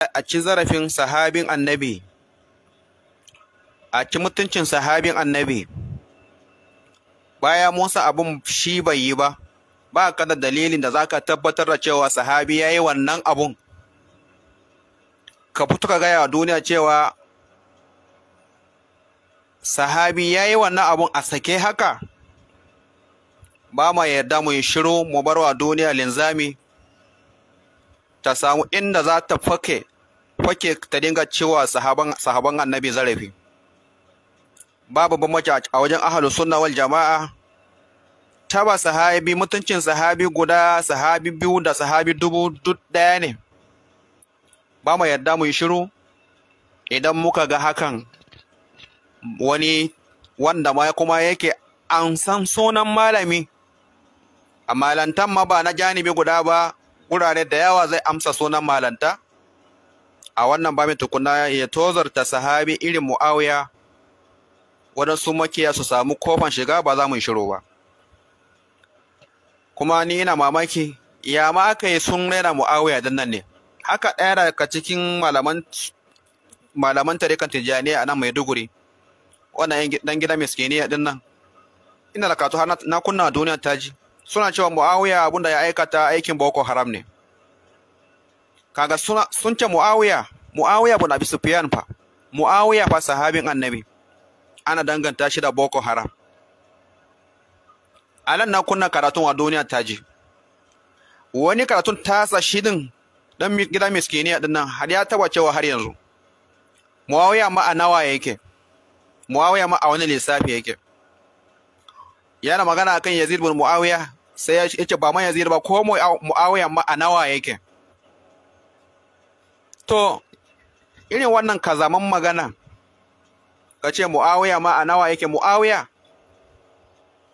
a ci zarafin sahabin annabi a ci mutuncin sahabin annabi baya musa abin shi bai yi ba ba ka da dalilin da za ka tabbatar da cewa sahabi ya yi wannan abun ka fito ka gaya wa duniya cewa sahabi ya yi wannan abun a sake haka ba ma yarda mu yi shiru mu bar wa duniya linzami ta samu inda za ta fake kwake ta dinga cewa sahaban annabi zarafi babu mace a wajen ahalu sunna wal jama'a ba sahabi mutuncin sahabi guda sahabi biyu da sahabi dubu duk ɗaya ne ba mu yarda mu yi shiru idan muka ga hakan wani wanda ma kuma yake an san sunan malami a malantan ma ba na janibi guda ba wurare da yawa zai amsa sunan malanta a wannan ba mai tukuna ya tozarta sahabi irin mu'awiya waɗansu makiya su samu kofan shiga ba za mu yi shiru ba kuma ni ina mamaki ya ma aka yi sun raina mu'awiya don nan ne haka ɗaya daga cikin malaman malaman tarikan tijjaniya a nan maiduguri wannan dan gida miskiniya din nan ina da kato har na kunna duniya taji suna cewa mu'awiya abinda ya aikata aikin boko haram ne kaga suna sun ce muawiya muawiya bin abi sufyan fa muawiya fa sahabin annabi ana danganta shi da boko haram alan na kunna karatun a duniya taji wani karatun tasa shi din dan gida miskiniya din nan har ya taba cewa har yanzu muawiya ma a nawa yake muawiya ma a wani lissafi yake yana magana akan yazid bin muawiya sai ya ce ba ma yazid ba ko muawiya ma a nawa yake to irin wannan kazaman magana ka ce mu'awiya ma a nawa yake mu'awiya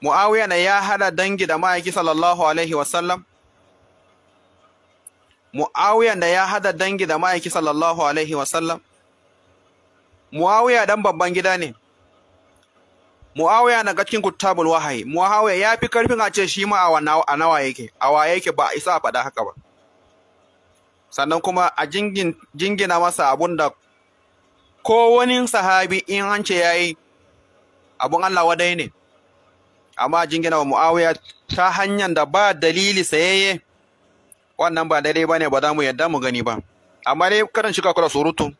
mu'awiya ne ya hada dangi da ma'aiki sallallahu alaihi wasallam mu'awiya ne ya hada dangi da ma'aiki sallallahu alaihi wasallam mu'awiya dan babban gida ne mu'awiya na cikin kuttabul wahayi mu'awiya ya fi karfin a ce shi ma a nawa yake a wa yake ba isa a faɗa haka ba sannan kuma a jingina masa abun da ko sahabi in an ce ya yi abun Allah wadai ne amma jingina wa mu'awiya ta hanyar da ba dalili sayayye wannan ba daidai ba ne ba za mu yadda mu gani ba amma dai karin shi kakula surutu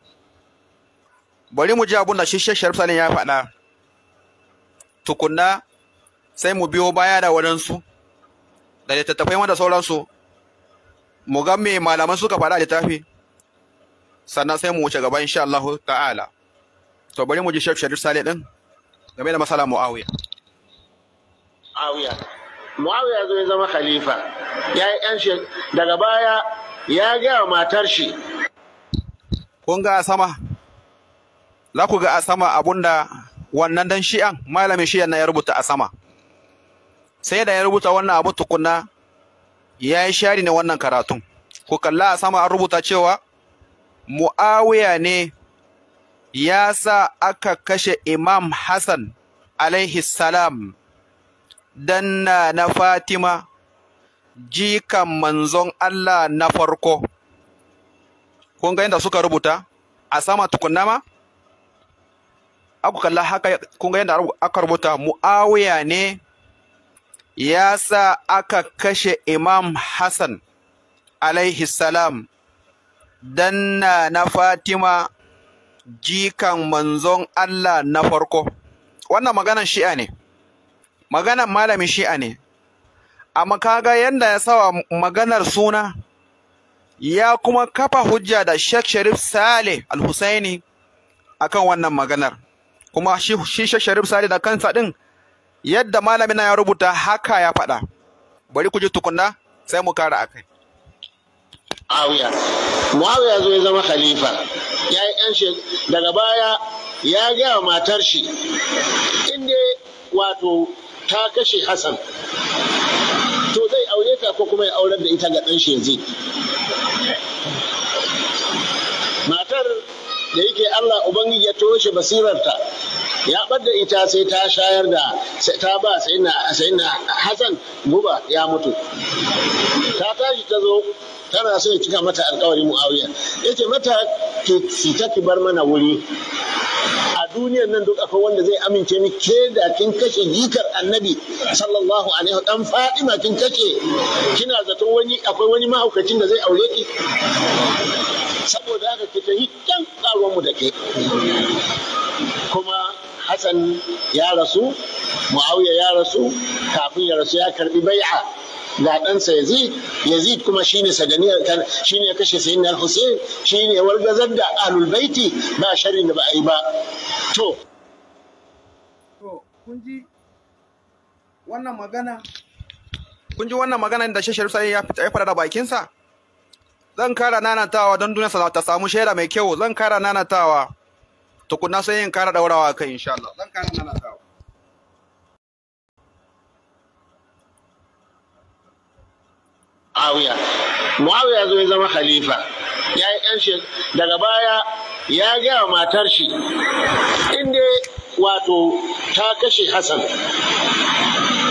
bari mu ji abun da shishe sharif salim ya faɗa tukunna sai mu biyo baya da waɗansu da littattafai wanda sauransu mu ga me malaman suka faɗa littafi sannan sai mu wuce gaba insha Allah ta'ala to bari mu ji Sheikh Sharif Saleh din game da masala Muawiya Muawiya Muawiya zai zama khalifa ya yi yan daga baya ya ga matar shi kun ga sama za ku ga a sama abunda wannan dan shi'an malamin shi'an na ya rubuta a sama sai da ya rubuta wannan abu tukunna ya yi shari na wannan karatun ku kalla a sama an rubuta cewa mu'awiya ne ya sa aka kashe imam hassan alaihi salam danna na fatima jikan manzon allah na farko kun ga yadda suka rubuta a sama tukunna ma aku kalla haka kun ga yadda aka rubuta mu'awiya ne ya sa aka kashe Imam Hassan alaihi salam danna na Fatima jikan manzon Allah na farko wannan maganan shi'a ne maganan malamin shi'a ne amma kaga yadda ya sawa maganar suna ya kuma kafa hujja da Sheikh Sharif Saleh Al-Husaini akan wannan maganar kuma shi Sheikh Sharif Saleh da kansa ɗin yadda malamina ya rubuta haka ya faɗa bari ku ji tukunna sai mu kara akai Muawiya Muawiya zo ya zama khalifa ya yi yan daga baya ya gaya matar shi inda wato ta kashe Hassan to zai aure ta ko kuma ya aurar da ita ga ɗan shi yanzu da yake Allah ubangiji ya toshe basirarta ya ɓadda ita sai ta shayar da ta ba sai na Hassan guba ya mutu ta tashi ta zo tana so ya cika mata alkawari muawiya yace mata ki ta ki bar mana wuri a duniyar nan duk akwai wanda zai amince ni ke da kin kashe jikar annabi sallallahu alaihi wa fadima kin kashe kina zato wani akwai wani mahaukacin da zai aure ki saboda haka ki ta kan karuwan mu da ke kuma Hassan ya rasu, Muawiya ya rasu, kafin ya rasu ya karbi bai'a ga ɗansa yazid yazid kuma shine saganiyar shi ya kashe na al-husayn ne wargazar da ahlul baiti ba sharrin da ba a yi ba to kun ji wannan magana kun ji wannan magana da shi sharif ya ya fara da bakinsa zan kara nanatawa don duniyarsa ta samu shaida mai kyau zan kara nanatawa tukuna sai yin kara daurawa kai insha Allah zan kara nanatawa muawiya muawiya zo ya zama khalifa ya yi ƴan daga baya ya gaya matar shi inda wato ta kashe hassan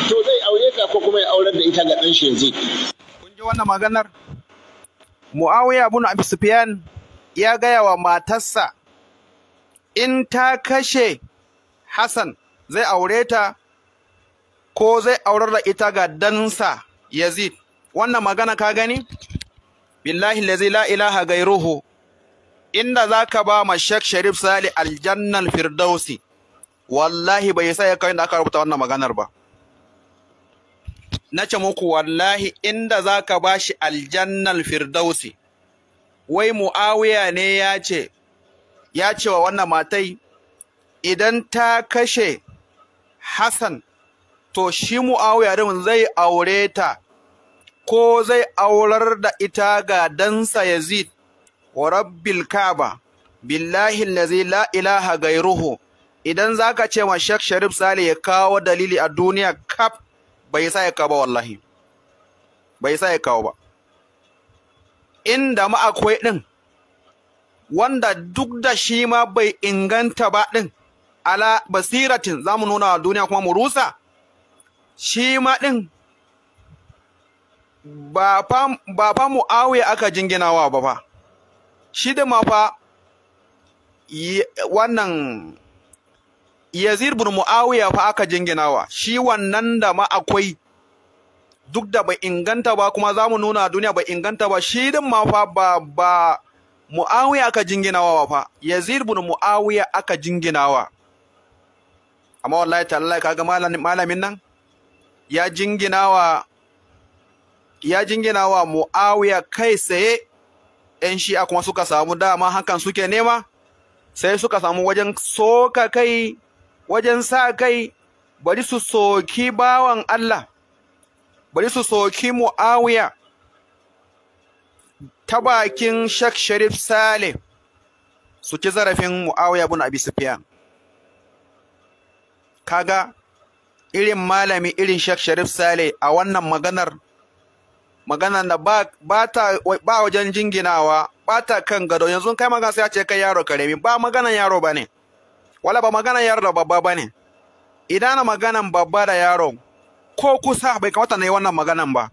to zai aure ta ko kuma ya aurar da ita ga ɗan shi yanzu kun ji wannan maganar muawiya bin abi sufyan ya gaya wa matarsa in ta kashe Hassan zai aure ta ko zai aurar da ita ga dansa Yazid. wannan magana ka gani billahi la ilaha gairuhu inda za ka ba ma Sheikh Sharif Sali Aljannar firdausi wallahi bai sai kai da aka rubuta wannan maganar ba nace muku wallahi inda za ka ba shi aljannan firdausi wai Muawiya ne ya ce ya ce wa wannan matai idan ta kashe Hassan to shi Muawiya din zai aure ta ko zai aurar da ita ga dansa Yazid wa rabbil Kaaba billahi allazi la ilaha gairuhu idan zaka ce ma Sheikh Sharif Sale ya kawo dalili a duniya kap? bai sa ya kawo ba wallahi bai sa ya ba inda ma akwai din wanda duk da shi ma bai inganta ba din ala basiratin zamu nuna wa duniya kuma mu rusa shi ma din ba fa mu'awiya aka jinginawa ba fa shi da ma fa wannan yazid bin mu'awiya fa aka jinginawa shi wannan da ma akwai duk da bai inganta ba kuma za mu nuna duniya bai inganta ba shi din ma fa ba ba mu'awiya aka jinginawa ba fa yazid bin mu'awiya aka jinginawa amma wallahi ka kaga malamin nan ya jinginawa ya jingina wa Muawiya kai tsaye ‘yan shi'a kuma suka samu dama hakan suke nema, sai suka samu wajen soka kai, wajen sa kai, bari su soki bawan Allah, bari su soki Muawiya ta bakin Sheikh Sharif Saleh su ci zarafin Muawiya bin Abi Sufyan. Kaga irin malami irin Sheikh Sharif Saleh a wannan maganar magana da ba ta ba wajen jinginawa ba ta kan gado yanzu kai magana sai a ce kai yaro karemi ba maganan yaro bane wala ba maganan yaro da babba bane idan na maganan babba da yaro ko kusa bai kamata na yi wannan maganan ba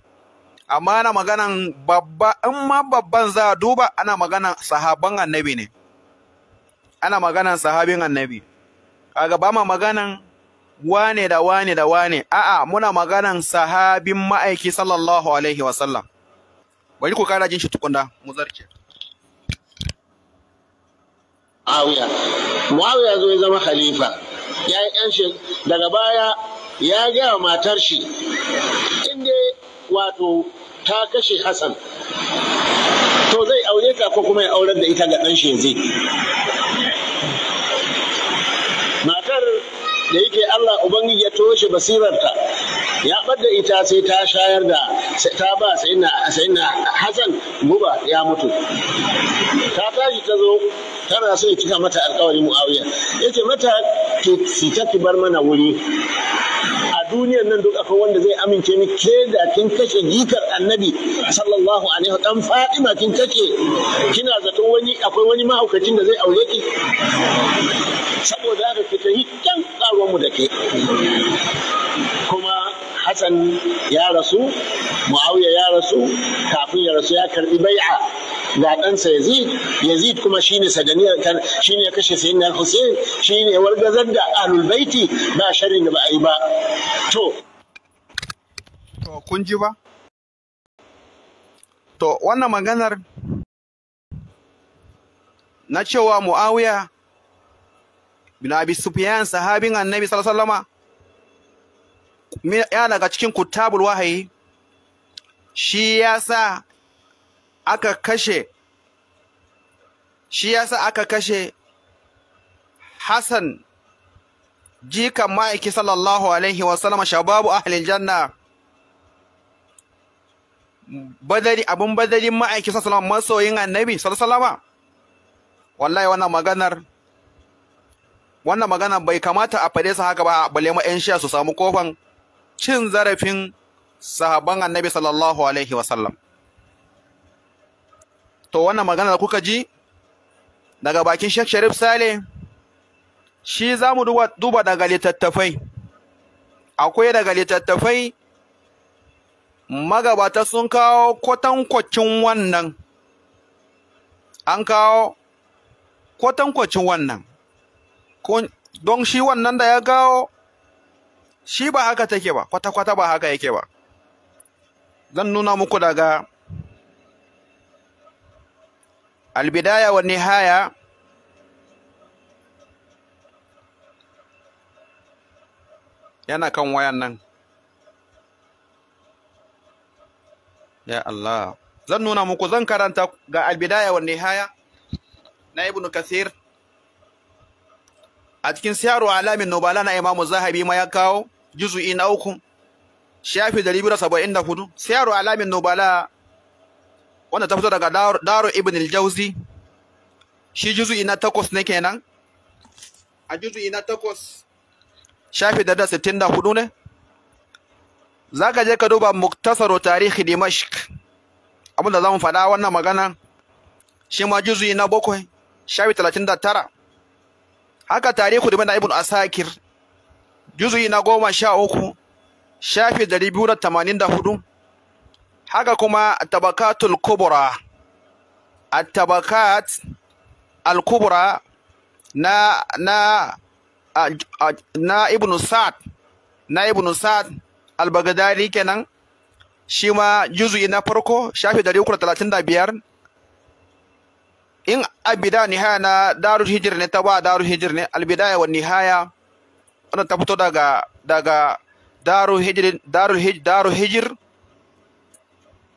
amma ana maganan babba in ma babban za a duba ana maganan sahaban annabi ne ana maganan sahabin annabi kaga ba ma maganan wane da wane da wane a'a muna maganan sahabin ma'aiki sallallahu alaihi wasallam bari ku kara jin shi tukunda mu zarce Muawiya Muawiya zo ya zama khalifa ya yi yan shi daga baya ya ga matar shi inda wato ta kashe Hassan to zai aure ka ko kuma ya aurar da ita ga dan shi yanzu da yake Allah ubangiji ya toshe basirarta ya bada ita sai ta shayar da ta ba sai na Hassan guba ya mutu ta tashi ta zo tana so ya cika mata alkawari Muawiya yace mata ki ta ki bar mana wuri A duniyar nan duk akwai wanda zai amince ni ke da kin kashe jikar annabi sallallahu alaihi dan fadima kin kashe kina zato wani akwai wani mahaukacin da zai aure ki saboda haka ki tafi mu da ke kuma hassan ya rasu muawiya ya rasu kafin ya rasu ya karbi bai'a ga ɗansa yazid yazid kuma shine sadaniyar kan shine ya kashe sayyidina hussein shine wargazar da ahlul baiti ba sharrin da ba a yi ba to to kun ji ba to wannan maganar na cewa muawiya bin abi sufyan sahabin annabi sallallahu alaihi ya daga cikin kutabul wahayi shi yasa aka kashe shi yasa aka kashe Hassan jikan ma'aiki sallallahu alaihi wasallam shababu ahlil janna badari abun badarin ma'aiki sallallahu masoyin annabi sallallahu wallahi wannan maganar wannan magana bai kamata a fade sa haka ba a balema 'yan shiya su samu kofan cin zarafin sahaban annabi sallallahu alaihi wasallam to wannan magana da kuka ji daga bakin Sheikh Sharif Sale shi za mu duba daga littattafai akwai daga litattafai? magabata sun kawo kwatankwacin wannan an kawo kwatankwacin wannan don shi wannan da ya kawo shi ba haka take ba kwata-kwata ba haka yake ba zan nuna muku daga albidaya wa nihaya yana kan wayan nan ya Allah zan nuna muku zan karanta ga albidaya wa nihaya na ibnu kathir a cikin siyaru alamin nubala na imamu zahabi ma ya kawo juzu'i na uku shafi dari biyu saba'in da hudu siyaru alamin nubala wanda ta fito daga daru ibn al-jauzi shi juzu'i na takwas ne kenan a juzu'i na takwas shafi da sittin da hudu ne za ka je ka duba muktasaro tarihi dimashq abinda za mu faɗa wannan magana shi ma juzu'i na bakwai shafi talatin da tara haka tarihu da mana ibn asakir juzuyi na goma sha uku shafi dari biyu da tamanin da hudu haka kuma tabakatul kubra at-tabakat al-kubra na na na ibn sa'd na ibn sa'd al-baghdadi kenan shi ma juzuyi na farko shafi dari uku da talatin da biyar in albida nihaya na darul hijir ne ta ba darul hijir ne albidaya wa nihaya wannan ta fito daga daga darul hijir darul hijir darul hijir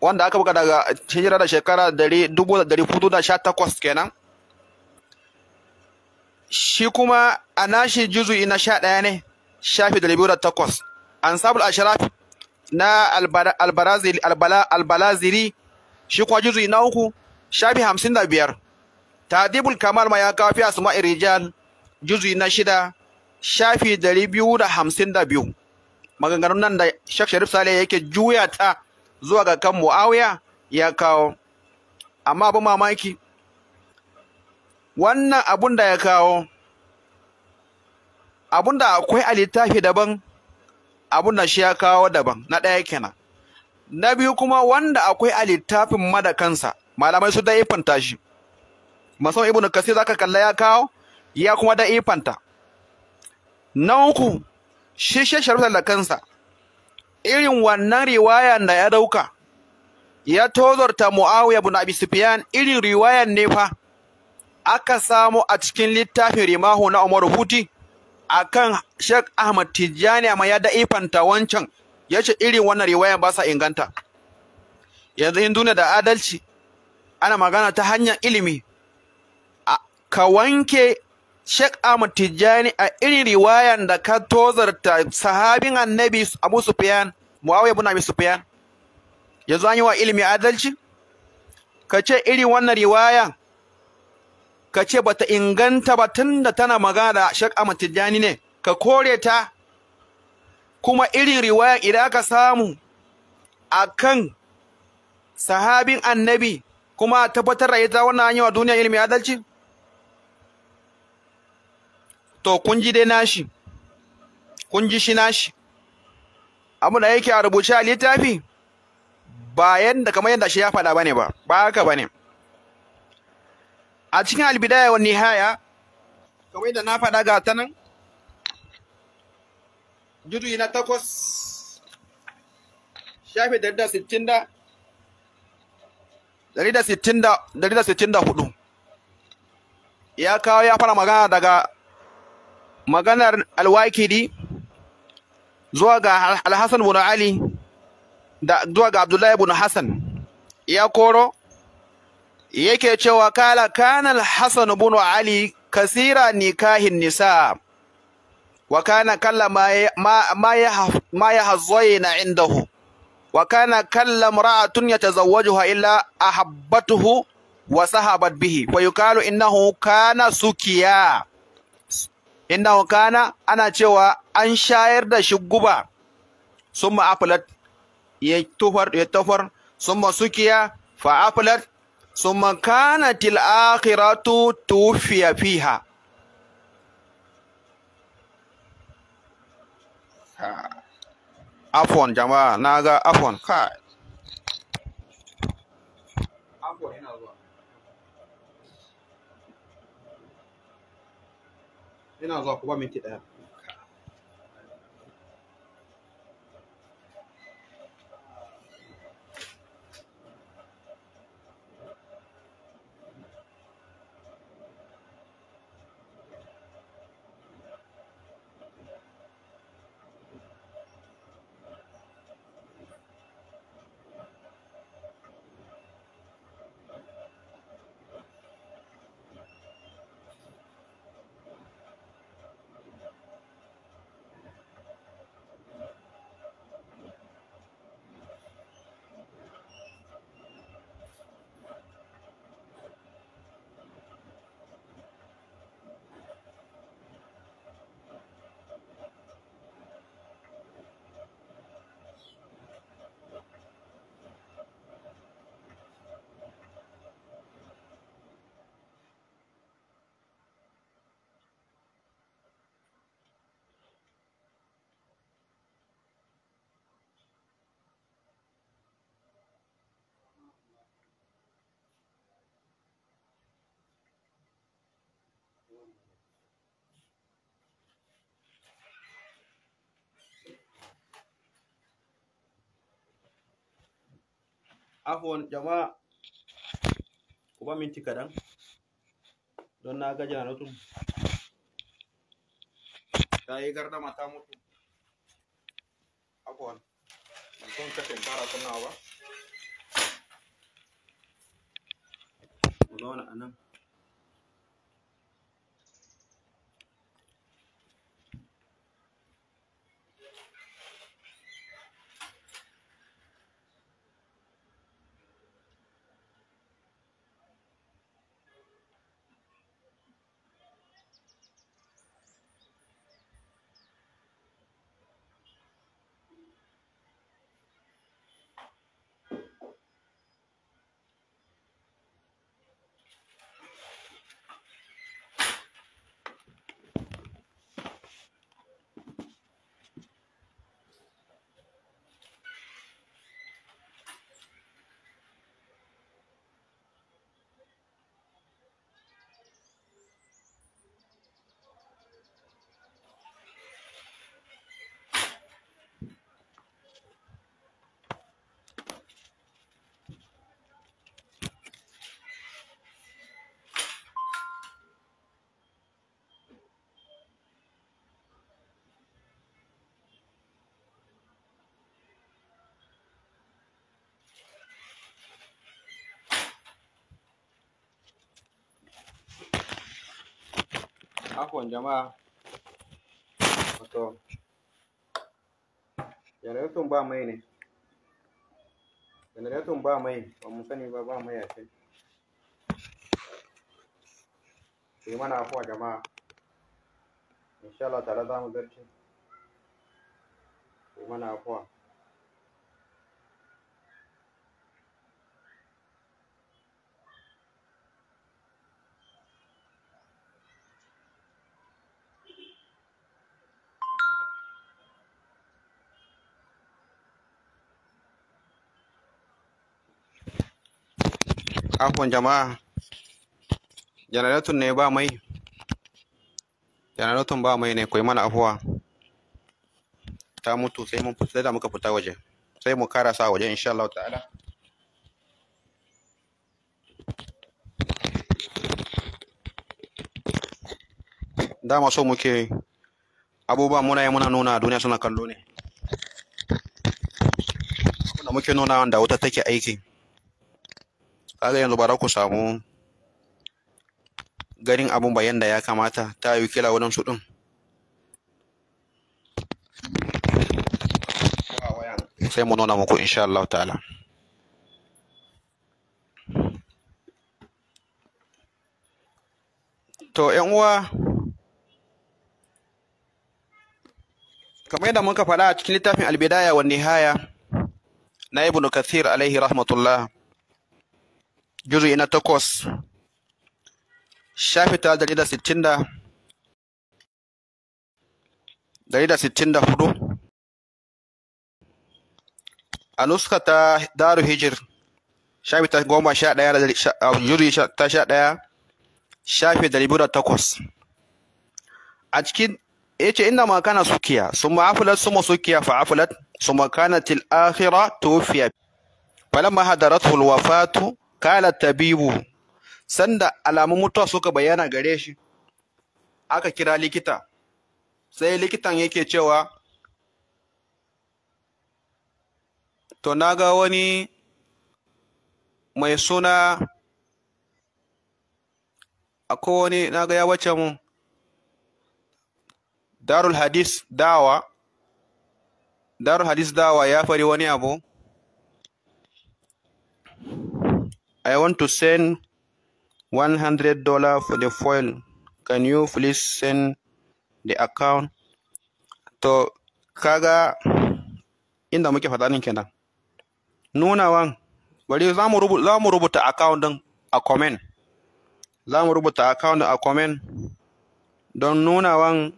wanda aka buga daga hijira da shekara dari dubu dari hudu da sha takwas kenan shi kuma a nashi juzu ina sha ɗaya ne shafi dari biyu da takwas ansabul ashraf na albarazili albalaziri shi kuma juzu na uku shafi hamsin da biyar tadibul kamal ma ya kawo fi asma'i rijal juzu'i na shida shafi dari biyu da hamsin da biyu maganganun nan da shek sharif saleh yake juya ta zuwa ga kan muawiya ya kawo amma abin mamaki wannan abin da ya kawo abun da akwai a littafi daban abun da shi ya kawo daban na ɗaya kenan na biyu kuma wanda akwai a littafin ma kansa malamai su dai fanta shi musamman ibnu kasir zaka kalla ya kawo ya kuma da ifanta na uku shi shi sharfar da kansa irin wannan riwayan da ya dauka ya tozarta muawiya ibn abi sufyan irin riwaya ne fa aka samu a cikin littafin rimahu na umar huti akan Sheikh Ahmad Tijjani amma ya da ifanta wancan ce irin wannan riwayan ba sa inganta yanzu in duniya da adalci ana magana ta hanyar ilimi ka wanke Sheikh Ahmad Tijjani a irin riwayan da ka tozarta sahabin annabi Abu Sufyan Muawiya ibn Abi Sufyan yanzu an yi wa ilimi adalci ka ce irin wannan riwaya ka ce bata inganta ba tunda tana magana da Sheikh Ahmad Tijjani ne ka kore ta kuma irin riwaya, idan aka samu akan sahabin annabi kuma tabbatar da ita wannan hanyar duniya ilimin adalci to kun ji dai nashi kun ji shi nashi Abin da yake a rubuce a littafi ba yadda kamar yadda shi ya faɗa bane ba ba haka bane a cikin albidaya wa nihaya kamar yadda na faɗa ga ta nan juduyi na takwas shafe dari da sittin da dari da sittin da dari da sittin da hudu ya kawo ya fara magana daga maganar alwakidi zuwa ga alhassan bin ali da zuwa ga abdullahi bin hassan ya koro yake cewa kala kana alhassan bin ali kasira nikahin nisa wa kana kalla ma ya hazzoyina indahu wa kana kalla mra'atun yatazawwajuha illa ahabbatuhu wa sahabat bihi fa yuqalu innahu kana sukiya inda wakana ana cewa an shayar da shi guba ma afilat ya tufar ya tufar ma sukiya fa sun ma kana til akhiratu tufiya fiha afon jama'a na ga afon kai ina zuwa ku ba minti ɗaya afon jama'a ku ba minti kaɗan don na na janaratum ta yi gardama ta mutu afon ban son kashe fara kunnawa ba mu zauna a nan Afwan jama'a. Wato janareton ba mai ne. Janareton ba mai, ba mu sani ba ba mai a kai. Ku yi mana afuwa jama'a. Insha Allah tare za mu zarce. Ku yi mana afuwa. Afon jama'a, janaratun ne ba mai, janaratun ba mai ne, ku mana afuwa. Ta mutu sai mun fita da muka fita waje, sai mu sa waje insha Allah ta'ala. Dama so muke abubuwa muna yi muna nuna duniya suna kallo ne. Abin muke nuna wanda wuta take aiki. kaga yanzu ba za ku samu ganin abun ba yanda ya kamata ta yi kila wadansu din sai mu nuna muku insha Allah ta'ala to yan uwa kamar yadda muka faɗa a cikin littafin albidaya wa nihaya na ibnu kathir alaihi rahmatullah Juzi ina tokos shafi ta dari da sittin da dari hudu a ta daru hijir shafi ta goma sha ɗaya a juzi ta sha ɗaya shafi dari biyu da takwas a cikin ya ce inda ma kana sukiya su ma'afulat su masukiya fa'afulat su makana til akhira tufiya falamma hadarat wafatu kala tabibu sanda alamun mutuwa suka bayyana gare shi aka kira likita sai likitan yake cewa to na ga wani mai suna akwai wani na ga ya wace mu? darul hadis dawa darul hadis dawa ya fari wani abu I want to send one hundred dollar for the fuel. Can you please send the account? To kaga inda muke faɗa ɗin Nuna Nunawan, bari za mu rubuta account ɗin a comment. Za mu rubuta account a comment don nunawan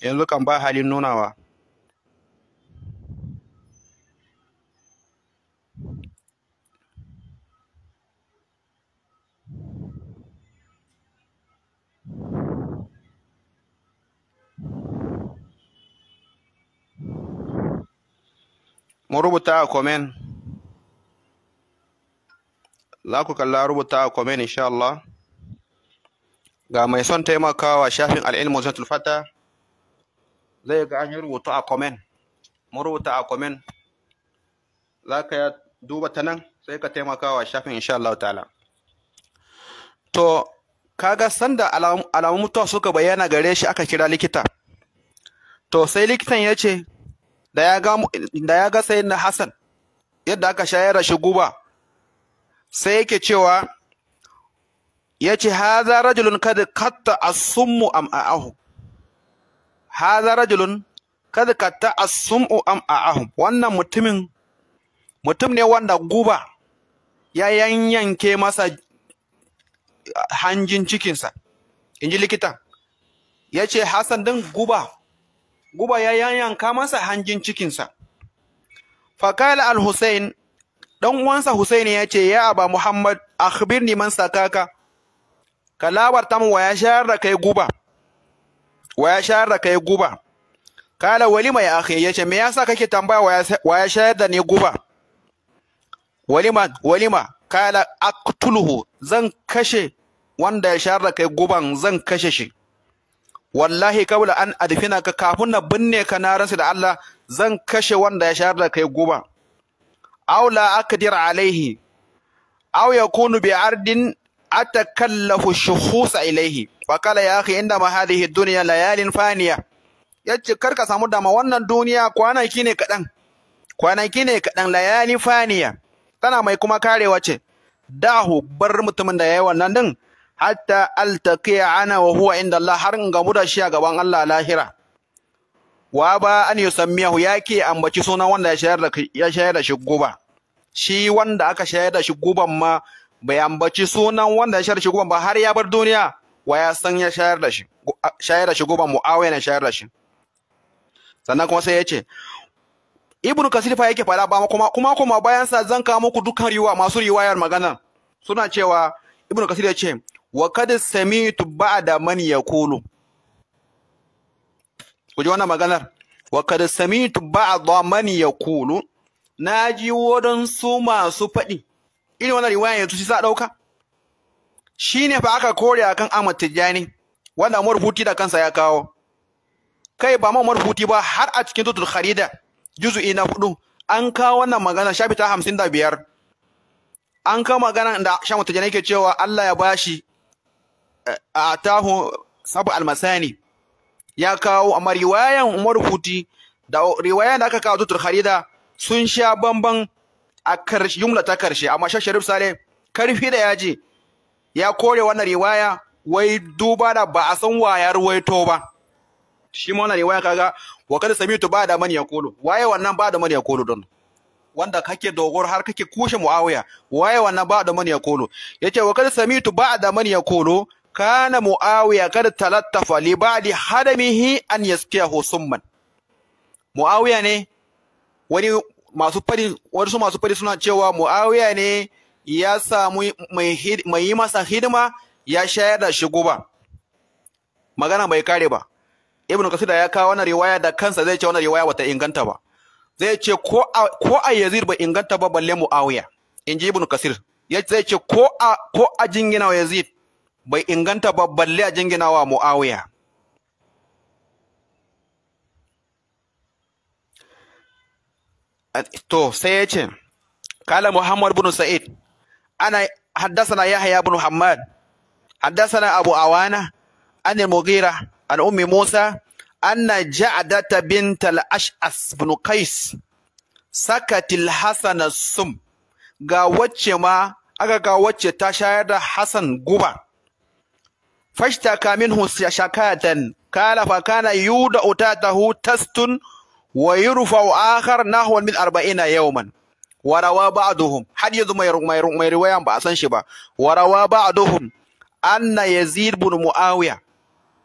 yanzu kan ba halin nunawa. mu rubuta a komen, za ku kalla rubuta a komen, insha Allah ga mai son taimakawa shafin al'ilmu zai tulfata zai ga an yi rubutu a komen. mu rubuta a komen za ka duba ta nan sai ka taimakawa shafin insha Allah ta'ala to kaga sanda alamun mutuwa suka bayyana gare shi aka kira likita to sai likitan ya ce da ya ga sayin na Hassan yadda aka shayar shi guba sai yake cewa ya ce haza rajulun kada katta asummu am ahu. haza rajulun kada katta asummu am ahu. wannan mutumin mutum ne wanda guba ya yanyanke masa hanjin cikinsa in ji likitan ya ce Hassan din guba guba ya yanyanka masa hanjin cikinsa fakala al hussein dan uwansa Hussein ya ce ya aba muhammad akhbirni man sakaka ka ta mu ya shayar da kai guba Wa ya shayar da kai guba kala walima ya akhi ya ce me ya sa kake tambaya ya shayar da ni guba walima walima kala aktuluhu zan kashe wanda ya shayar da kai guban zan kashe shi wallahi kabla an adifina ka kafin na binne ka na da Allah zan kashe wanda ya shahar da kai guba aula la alaihi aw yakunu bi ardin atakallafu shuhusa ilaihi wa qala ya akhi inda ma hadhihi dunya layalin faniya yace kar ka samu dama wannan duniya kwanaki ne kadan kwanaki ne kadan layalin faniya tana mai kuma karewa ce dahu bar mutumin da yayi wannan din hatta altaqiya ana wa huwa inda Allah har in gamu da shi a gaban Allah lahira wa ba an yusammiyahu yake ambaci sunan wanda ya shayar da ya shayar da shi guba shi wanda aka shayar da shi guban ma bai ambaci sunan wanda ya shayar da shi guban ba har ya bar duniya wa ya san ya shayar da shi shayar da shi guban muawiya ne shayar da shi sannan kuma sai ya ce ibnu kasir fa yake fada ba kuma kuma kuma bayan sa zan kawo muku dukkan riwa masu riwayar magana suna cewa ibnu kasir ya ce wa kad sami'tu ba'da man yaqulu kuji wannan maganar wa kad sami'tu ba'da man yaqulu naji wadan su masu faɗi irin wannan riwaya yanzu shi sa dauka shine fa aka kore akan Ahmad Tijjani. wanda marfuti da kansa ya kawo kai ba ma marfuti ba har a cikin tutul kharida juz'i ina hudu an kawo wannan magana shafi ta hamsin da biyar an kawo magana da sha shamu tajani ke cewa Allah ya bashi atahu sabu almasani ya kawo amma riwayan Umar Kuti, da riwayan da aka kawo tutur Harida, sun sha bamban a karshe jumla ta karshe amma Sheikh Sharif Saleh karfi da yaji ya kore wannan riwaya wai duba da ba a san wayar ya to ba shi ma wannan riwaya kaga wa kada samitu ba da mani ya kolo." waye wannan ba da mani ya kolo don wanda kake dogor har kake kushe Muawiya waye wannan ba da mani ya kolo yace wa kada samitu ba da mani ya kolo." kana muawiya kada talattafa li ba'di hadamihi an yaskiyahu summan muawiya ne wani masu fari su masu fari suna cewa muawiya ne ya samu mai yi masa hidima ya shayar da shi guba magana bai kare ba ibnu kasida ya kawo wannan riwaya da kansa zai ce wannan riwaya bata inganta ba zai ce ko a ko a yazid ba inganta ba balle muawiya inji ibnu kasir ya zai ce ko a ko a jingina wa yazid bai inganta babbali a jingina wa mu'awiya. To sai ya ce, Kala Muhammad bin Sa'id, ana haddasa na Yahaya bin Muhammad, haddasa na Abu Awana, an yi mugira, an Musa, an na ja a data bin Tal'ash Asbunu Kais, saka sum, ga wacce ma, aka ga wacce ta shayar da Hassan Guba, fashta kamin husya shakayatan kala yuda uta tahu tastun wa yurfa wa akhar nahwa min arba'ina yawman wa rawa ba'dhum hadith ma yuru ma yuru ma riwayan ba san shi ba wa rawa ba'dhum anna yazid ibn muawiya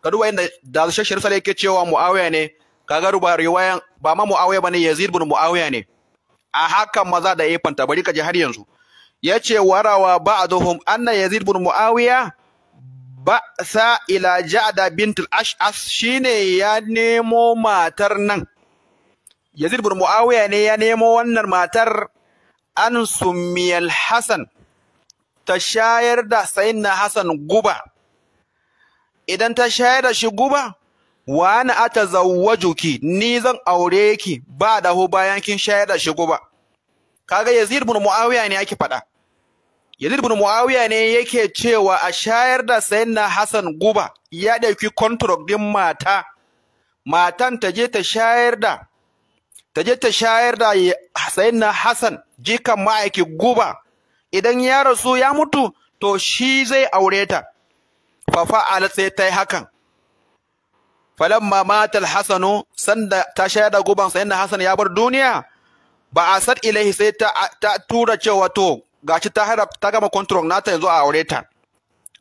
kadu wa inda da shi shir sale ke cewa muawiya ne ka ruba riwayan ba ma muawiya bane yazid ibn muawiya ne a hakan maza da ifanta bari ka ji har yanzu yace wa rawa ba'dhum anna yazid ibn muawiya ba'sa ila ja'da bintul ash'as shine ya nemo matar nan Yazid bin Muawiya ne ya nemo wannan matar an sumiyal Hassan ta shayar da sayyidina hasan guba idan ta shayar da shi guba wani atazawwajuki ni zan aure ki ba da hu bayan kin shayar da shi guba kaga Yazid bin Muawiya ne yake faɗa Yazid bin Muawiya ne yake cewa a shayar da sayyidina Hassan guba ya ɗauki contract din mata matan ta je ta shayar da ta je ta shayar da sayyidina Hassan jikan ma'aiki guba idan ya rasu ya mutu to shi zai aure ta fa fa'ala sai ta yi hakan falamma matal hasanu sanda ta shayar da guban sayyidina Hassan ya bar duniya ba a sat ilaihi sai ta, tura cewa to gashi ta harab ta gama control nata yanzu a aure ta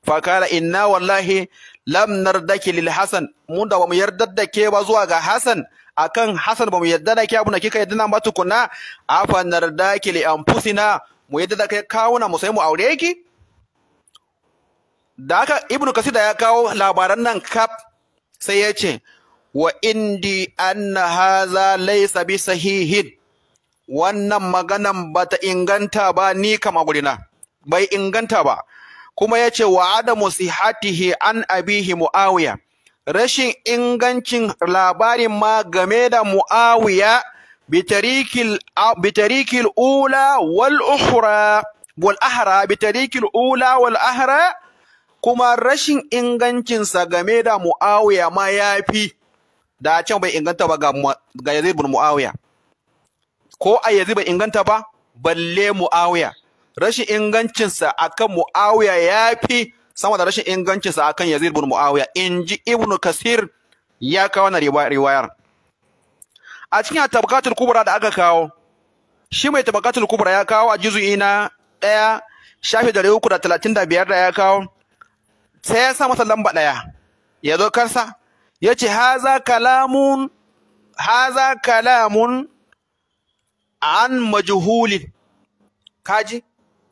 fa kala inna wallahi lam nardaki lil hasan mu da bamu yarda da ke ba zuwa ga hasan akan hasan bamu yarda da ke abu na kika yarda na ba tukunna afa nardaki li anfusina mu yarda da kai kawuna mu sai mu aure ki da haka ibnu kasida ya kawo labaran nan kaf sai ya ce wa indi anna hadha laysa bi sahihin wannan maganan bata inganta ba ni kama gurina bai inganta ba kuma yace wa adamu sihatihi an abihi muawiya rashin ingancin labarin ma game da muawiya bitarikil bitarikil ula wal ukhra ahra bitarikil ula wal kuma rashin ingancinsa game da muawiya ma yafi da can bai inganta ba ga Yazid bin Muawiya ko a yanzu bai inganta ba balle Muawiya rashin ingancinsa akan Muawiya fi sama da rashin ingancinsa akan Yazid bin Muawiya inji Ibn Kasir ya kawo na riwayar a cikin tabakatul kubra da aka kawo shi mai tabakatul kubra ya kawo a juzu'i na ɗaya shafi da uku da talatin da biyar da ya kawo sai ya sa masa lamba ɗaya ya zo kansa ya ce haza kalamun haza kalamun an majhulin kaji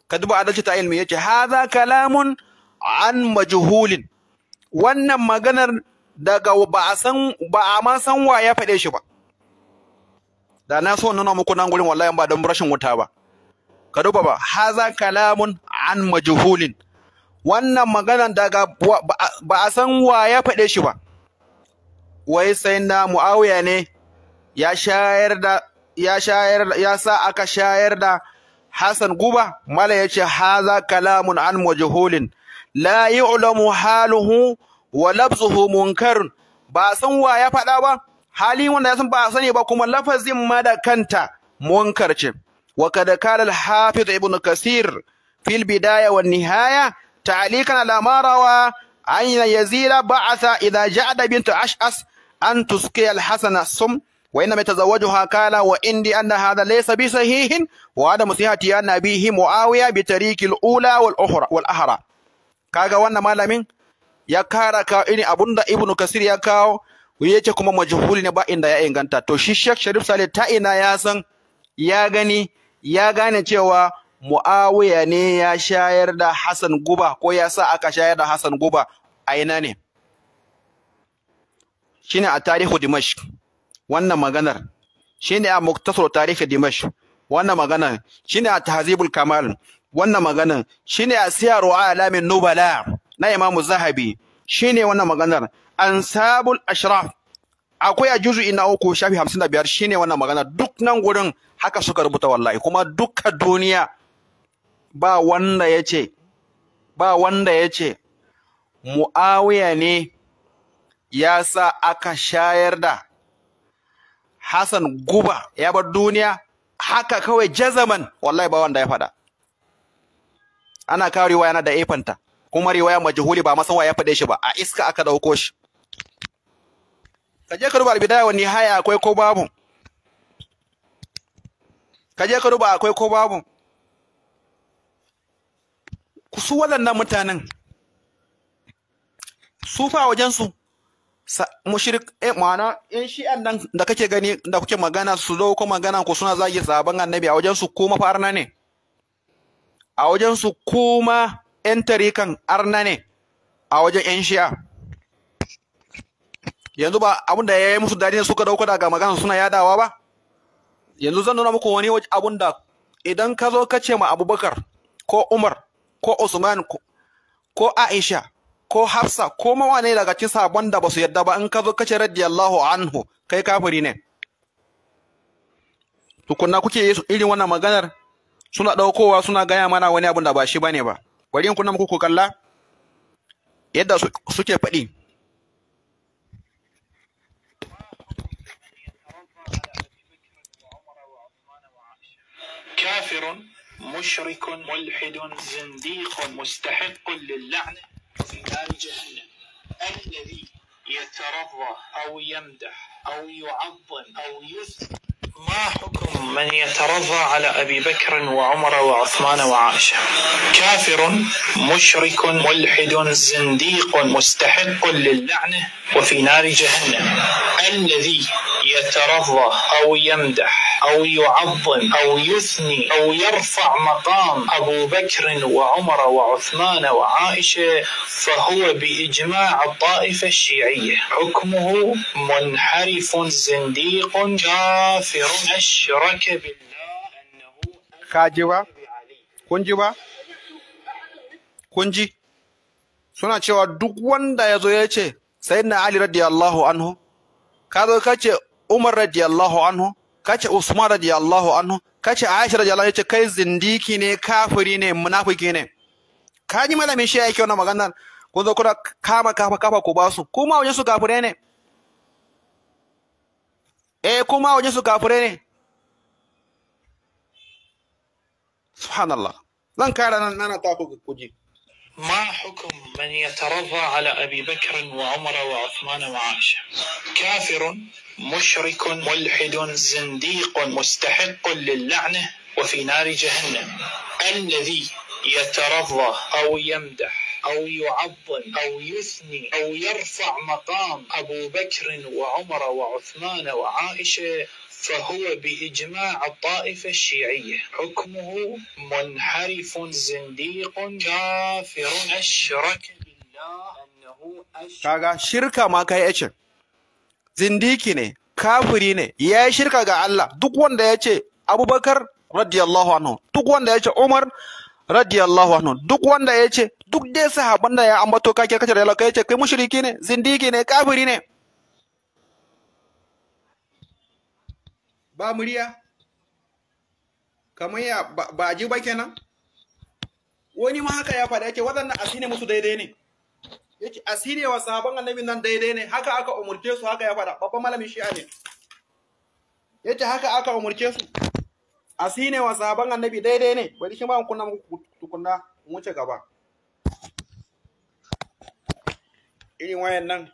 ka duba adalci ta ilmi yace hadha kalamun an majhulin wannan maganar daga ba a san ba a ma san wa ya faɗe shi ba da na so nuna muku nan gurin wallahi ba don rashin wuta ba ka duba ba hadha kalamun an majhulin wannan maganar daga ba a san wa ya faɗe shi ba wai sai na muawiya ne ya shayar da ya shayar ya sa aka shayar da Hassan guba mala ce haza kalamun an majhulin la yu'lamu haluhu wa labzuhu munkar. ba san wa ya faɗa ba hali wanda ya san ba sani ba kuma lafazin ma da kanta munkar ce wa kada kala al-hafiz ibn kasir fil bidaya wan nihaya ta'likan ala ma rawa an yazira ba'atha idha ja'ada bint ash'as an tusqi al-hasan sum وإنما يتزوجها قال وإندي أن هذا ليس بصحيح وعدم صحة أن أبيه معاوية بطريق الأولى والأخرى والأخرى kaga wannan malamin ya kara ka ini abunda ibnu kasir ya kawo yace kuma majhuli ne ba inda ya inganta to shi Sheikh Sharif ta ina ya ya gani ya gane cewa Muawiya ne ya shayar da Hassan guba ko ya sa aka shayar da Hassan guba a ina ne shine a tarihu Dimashq wannan maganar shine a muktasar tarihi dimash wannan maganar shine a tahzibul kamal wannan maganar shine a siyaru alamin nubala na imamu zahabi shine wannan maganar ansabul ashraf akwai a juzu ina uku shafi hamsin da biyar shine wannan magana duk nan gurin haka suka rubuta wallahi kuma duka duniya ba wanda ya ce ba wanda ya ce mu'awiya ne ya sa aka shayar da Hassan Guba ya bar duniya haka kawai jazaman wallahi ba wanda ya faɗa ana kawo riwaya na da efanta kuma riwaya majhuli ba masawa ya faɗe shi ba a iska aka dauko shi kaje ka duba albidaya wa nihaya akwai ko babu kaje ka duba akwai ko babu su waɗannan mutanen su fa wajen su mushrik eh, ma'ana in shi'an nan da kake gani da kuke magana su dauko magana ko suna zagi sabon annabi a wajen su kuma fa arna ne a wajen su kuma yan tarikan arna ne a wajen yan shi'a yanzu ba abin da ya yi musu dadi suka dauko daga magana suna yadawa ba yanzu zan nuna muku wani abun da idan ka zo ka ce ma abubakar ko umar ko usman ko aisha ko Hafsa ko mawane daga cikin sabon da basu yadda ba in ka zo kace radiyallahu anhu kai kafiri ne tukunna kuke yi irin wannan maganar suna daukowa suna ga gaya mana wani abu da ba shi bane ba bari in kunna muku ku kalla yadda suke fadi كافر مشرك ملحد زنديق مستحق للعنه في نار جهنم الذي يترضى أو يمدح أو يعظم أو يثني ما حكم من يترضى على ابي بكر وعمر وعثمان وعائشه؟ كافر مشرك ملحد زنديق مستحق للعنه وفي نار جهنم الذي يترضى أو يمدح أو يعظم أو يثني أو يرفع مقام أبو بكر وعمر وعثمان وعائشة فهو بإجماع الطائفة الشيعية حكمه منحرف زنديق كافر أشرك بالله أنه كاجبا كنجبا kunji suna cewa duk wanda ya zo ya ce sayyidina ali radiyallahu anhu ka zo ka ce Umar radiyallahu anhu kace Usman radiyallahu anhu kace Aisha radiyallahu anhu kai zindiki ne kafiri ne munafiki ne ka ji malamin shi yake wannan magana ko zo kuna kama kafa kafa ku basu kuma wajen su kafire ne eh kuma wajen su kafire ne subhanallah zan kara nan nana ta ku kuji ما حكم من يترضى على ابي بكر وعمر وعثمان وعائشه؟ كافر مشرك ملحد زنديق مستحق للعنه وفي نار جهنم الذي يترضى او يمدح او يعظم او يثني او يرفع مقام ابو بكر وعمر وعثمان وعائشه فهو بإجماع الطائفة الشيعية حكمه منحرف زنديق كافر أشرك بالله أنه أشرك كاغا شركة ما ne kafiri ne ya yi shirka ga Allah duk wanda ya ce Abubakar radiyallahu anhu duk wanda ya ce Umar radiyallahu anhu duk wanda ya ce duk dai sahaban da ya ambato kake kace da Allah kai ce kai mushriki ne zindiki ne kafiri ne ba murya kamar ya ba ji ba kenan wani ma haka ya faɗa yake waɗannan asine musu daidai ne yake asine wa sahaban annabi nan daidai ne haka aka umurce su haka ya faɗa babban malamin shi'a ne yake haka aka umurce su asine wa sahaban annabi daidai ne bari shi ma kunna muku tukunna mu ce gaba irin nan.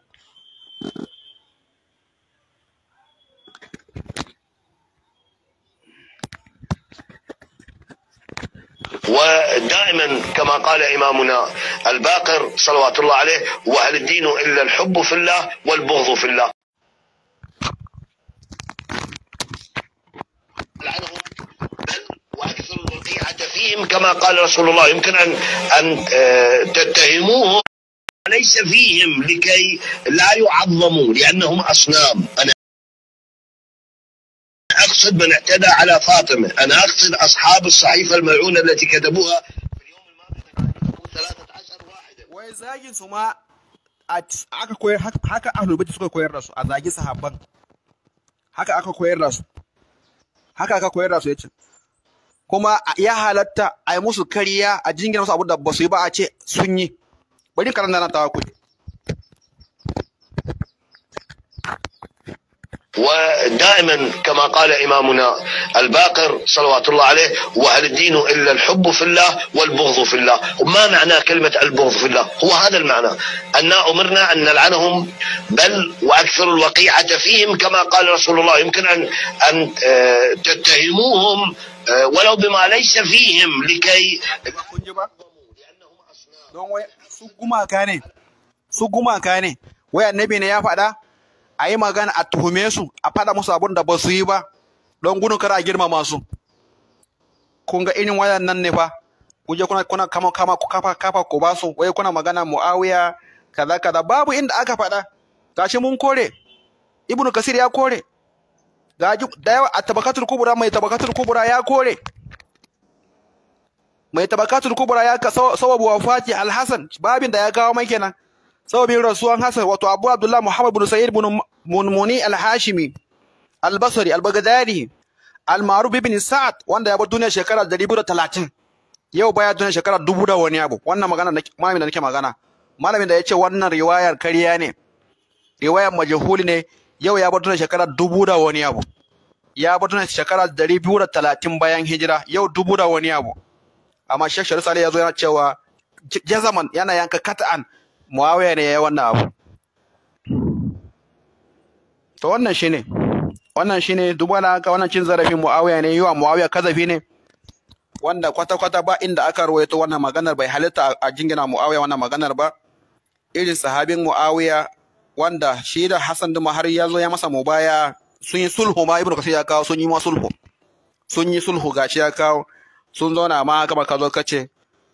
ودائما كما قال إمامنا الباقر صلوات الله عليه وهل الدين إلا الحب في الله والبغض في الله بل واكثر الوقيعه فيهم كما قال رسول الله يمكن ان ان آه، تتهموه ليس فيهم لكي لا يعظموا لانهم اصنام انا اقصد من اعتدى على فاطمه، انا اقصد اصحاب الصحيفه الملعونه التي كتبوها في اليوم الماضي 13 واحده. ويزاجن سما حكى اهل البيت سكوير ازاجن صحابان. حكى اكا كوير راسو. حكى اكا كوير راسو يا كما يا هالتا اي موسو كريا اجينجا موسو ابو دبوس يبقى اشي سني. ولي كان انا تاكل. ودائما كما قال إمامنا الباقر صلوات الله عليه وهل الدين إلا الحب في الله والبغض في الله وما معنى كلمة البغض في الله هو هذا المعنى أن أمرنا أن نلعنهم بل وأكثر الوقيعة فيهم كما قال رسول الله يمكن أن, أن آه، تتهموهم آه، ولو بما ليس فيهم لكي su gumaka ne su gumaka النبي wai a yi magana a tuhume su a faɗa musu abin da ba su yi ba don gudun kada a girmama su kun ga irin nan ne fa ku je kuna kuna kama kama ku kafa kafa ku ba su wai kuna magana muawiya kaza kaza babu inda aka faɗa gashi mun kore ibnu kasir ya kore gaji da yawa a tabakatul kubura mai tabakatul kubura ya kore mai tabakatul kubura ya sababu Fati alhasan babin da ya kawo mai kenan sababin rasuwan Hassan wato Abu Abdullah Muhammad bin Sa'id bin Munmuni al-Hashimi al-Basri al-Baghdadi al-Ma'ruf ibn Sa'ad wanda ya bar duniya shekara talatin. yau baya duniya shekara dubu da wani abu wannan magana malamin da nake magana malamin da ya ce wannan riwayar kariya ne riwayar majhuli ne yau ya bar duniya shekara dubu da wani abu ya bar duniya shekara 230 bayan hijira yau dubu da wani abu amma Sheikh Sharif ya zo yana cewa jazaman yana yanka kata'an muawiya ne ya yi wannan abu to wannan shi ne. wannan ne duk wani haka wannan cin zarafin muawiya ne yiwa muawiya kazafi ne wanda kwata-kwata ba inda aka rawaito wannan maganar bai halitta a jingina muawiya wannan maganar ba irin sahabin muawiya wanda shi da Hassan Duma har ya zo ya masa mu baya. sun yi sulhu ma Ibn Kasir ya kawo sun yi ma sulhu sun yi sulhu gashi ya kawo sun zauna ma haka ka zo kace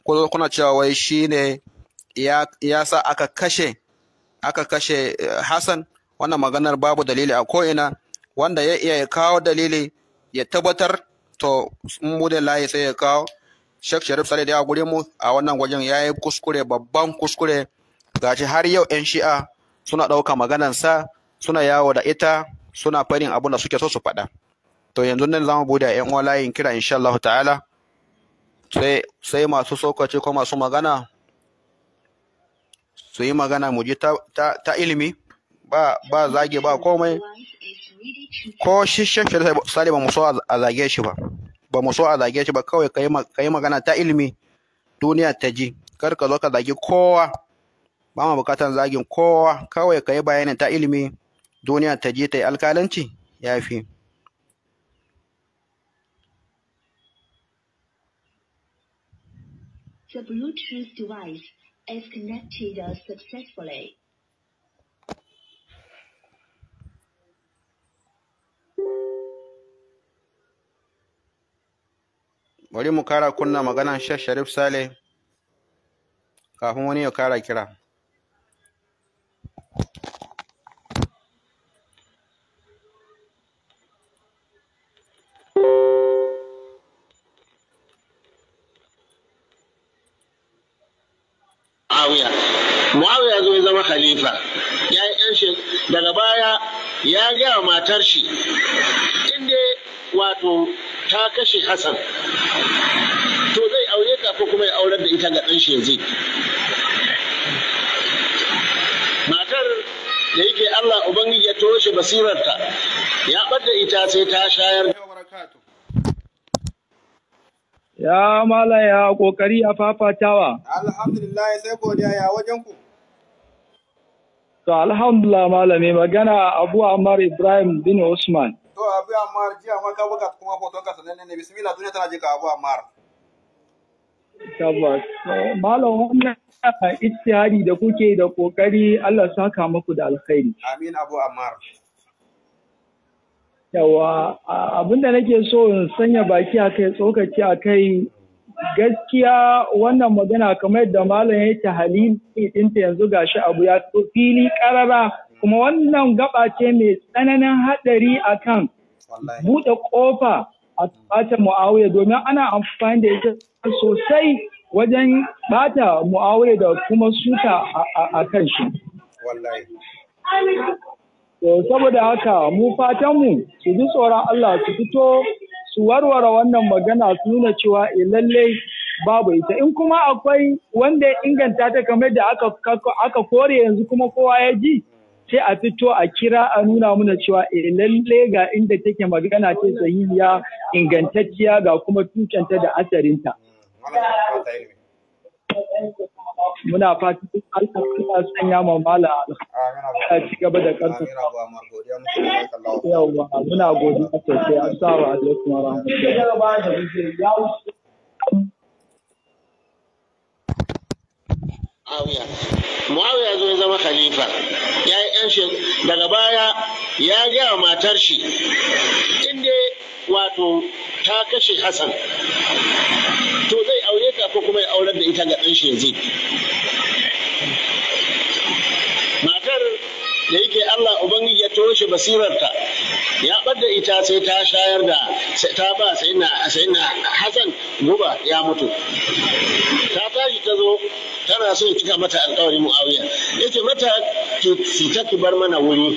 ko kuna cewa wai shine ya sa aka kashe aka kashe eh, Hassan wannan maganar babu dalili a ko'ina wanda ya iya ya kawo dalili ya tabbatar to in bude layi sai ya kawo Sheikh Sharif Saleh da ya gure mu a wannan wajen ya yi kuskure babban kuskure gashi har yau 'yan shi'a suna ɗauka maganarsa suna yawo da ita suna farin abin da suke so su faɗa. To yanzu nan za mu bude a 'yan uwa layin kira insha ta'ala sai masu sokaci ko masu magana su yi magana mu ji ta, ta, ta ilimi ba, ba zage ba komai ko shi shafi sale ba mu so a zage shi ba ba mu so a zage shi ba kawai ka yi magana ta ilimi duniya ta ji kar ka zo ka zagi kowa ba ma bukatan zagin kowa kawai ka yi bayanin ta ilimi duniya ta ji ta yi alkalanci ya fi The Bluetooth device is connected successfully. Bari mu kara kunna maganan Sheikh Sharif sale kafin wani ya kara kira. Hanifa ya yi ƴanshi, daga baya ya gaya matar shi inda wato ta kashe Hassan to zai aure ta ko kuma ya aurar da ita ga ɗan shi matar da yake Allah Ubangiji ya toshe basirarta ya ɓadda ita sai ta shayar da Ya mala ya kokari a fafatawa. Alhamdulillah sai godiya ya wajen ku. To alhamdulillah malami magana Abu Amar Ibrahim bin Usman. To Abu Amar ji amma ka buka kuma foto ka sananne ne bismillah duniya tana je ka Abu Amar. Tabbas. Malam wannan ittihadi da kuke da kokari Allah saka muku da alkhairi. Amin Abu Amar. Yawa abinda nake so in sanya baki akai tsokaci akai gaskiya wannan magana kamar yadda malam ya ta halin ɗinta yanzu gashi abu ya fito fili ƙarara kuma wannan gaba ce mai tsananin haɗari a kan buɗe ƙofa a ɓata mu'awiyar domin ana amfani da ita sosai wajen ɓata mu'awiyar da kuma suka a kan shi. saboda haka mu fatanmu su ji tsoron Allah su fito su warware wannan magana su nuna cewa eh, lallai babu ita in kuma akwai wanda ya inganta ta kamar da aka kore yanzu kuma kowa ya ji sai a fito a kira a nuna muna cewa e eh, lalle ga inda take magana ce sahihiya ingantacciya ga kuma tucanta da asarinta. muna fatan Allah ya sanya ma mala a ci gaba da karfa yawa muna godiya sosai assalamu alaikum wa rahmatullahi Muawiya. Muawiya zo ya zama khalifa. Ya yi ‘yan shi daga baya ya gaya matar shi inda wato ta kashe Hassan. To zai aure ta ko kuma ya aurar da ita ga ɗan shi yanzu matar da yake Allah Ubangiji ya toshe basirarta ya ɓadda ita sai ta shayar da ta ba sai na Hassan guba ya mutu ta tashi ta zo tana so ya cika mata alƙawarin Muawiya yake mata ki ta ki bar mana wuri